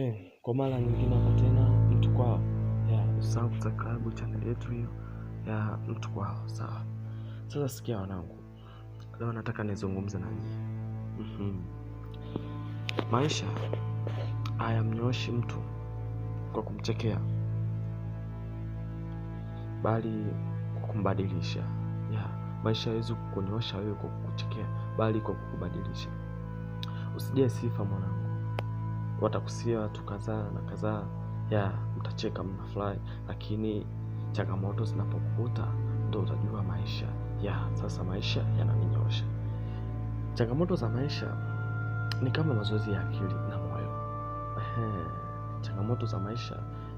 Okay, kwa mara nyingine hapo tena mtu kwao. Yeah, usahau kusubscribe channel yetu hiyo ya mtu kwao, sawa? Sasa sikia wanangu, leo nataka nizungumze na nyinyi. mm Maisha hayamnyooshi mtu kwa kumchekea, bali kwa kumbadilisha. Yeah, maisha hawezi kukunyoosha wewe kwa kukuchekea, bali kwa kukubadilisha. Usijie sifa mwanangu watakusia watu kadhaa na kadhaa, ya mtacheka, mnafurahi, lakini changamoto zinapokuta ndo utajua maisha ya sasa. Maisha yanaminyosha Changamoto za maisha ni kama mazoezi ya akili na moyo. Ehe, changamoto za maisha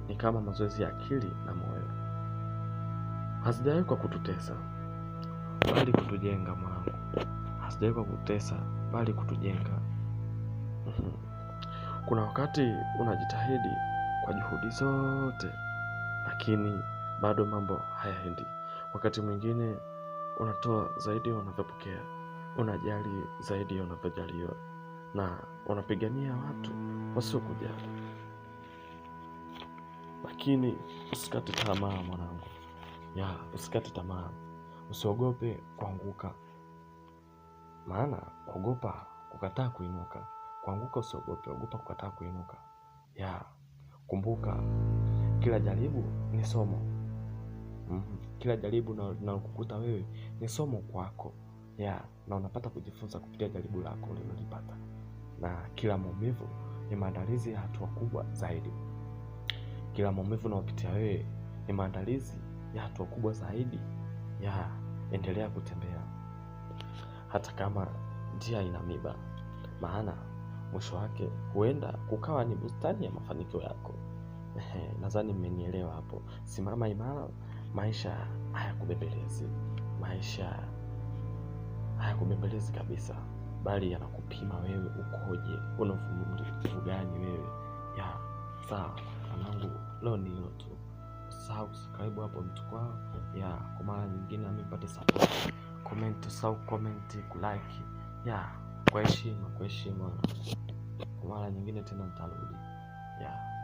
ni kama mazoezi ya akili na moyo, hazijawekwa kwa kututesa bali kutujenga mwanangu, hazijawekwa kwa kututesa bali kutujenga. Mhm. Kuna wakati unajitahidi kwa juhudi zote, lakini bado mambo hayaendi. Wakati mwingine unatoa zaidi unavyopokea, unajali zaidi unavyojaliwa, na unapigania watu wasiokujali. Lakini usikate tamaa mwanangu, ya usikate tamaa, usiogope kuanguka, maana kuogopa kukataa kuinuka. Kuanguka usiogope, ogopa kukataa kuinuka. Ya, kumbuka kila jaribu ni somo. Mm -hmm. Kila jaribu linalokukuta wewe ni somo kwako. Ya, na unapata kujifunza kupitia jaribu lako ulilolipata, na kila maumivu ni maandalizi ya hatua kubwa zaidi. Kila maumivu unaopitia wewe ni maandalizi ya hatua kubwa zaidi. Ya, endelea kutembea hata kama njia ina miba, maana mwisho wake huenda kukawa ni bustani ya mafanikio yako. Nadhani mmenielewa hapo. Simama imara, maisha hayakubembelezi, maisha hayakubembelezi kabisa, bali yanakupima wewe ukoje, una wewe. Ya sawa mwanangu, leo ni hilo tu. Usahau kusubscribe hapo kwao ya kwa mara nyingine amepate sapoti comment, usahau comment, kulike ya kwa heshima, kwa heshima mara nyingine tena mtarudi yeah.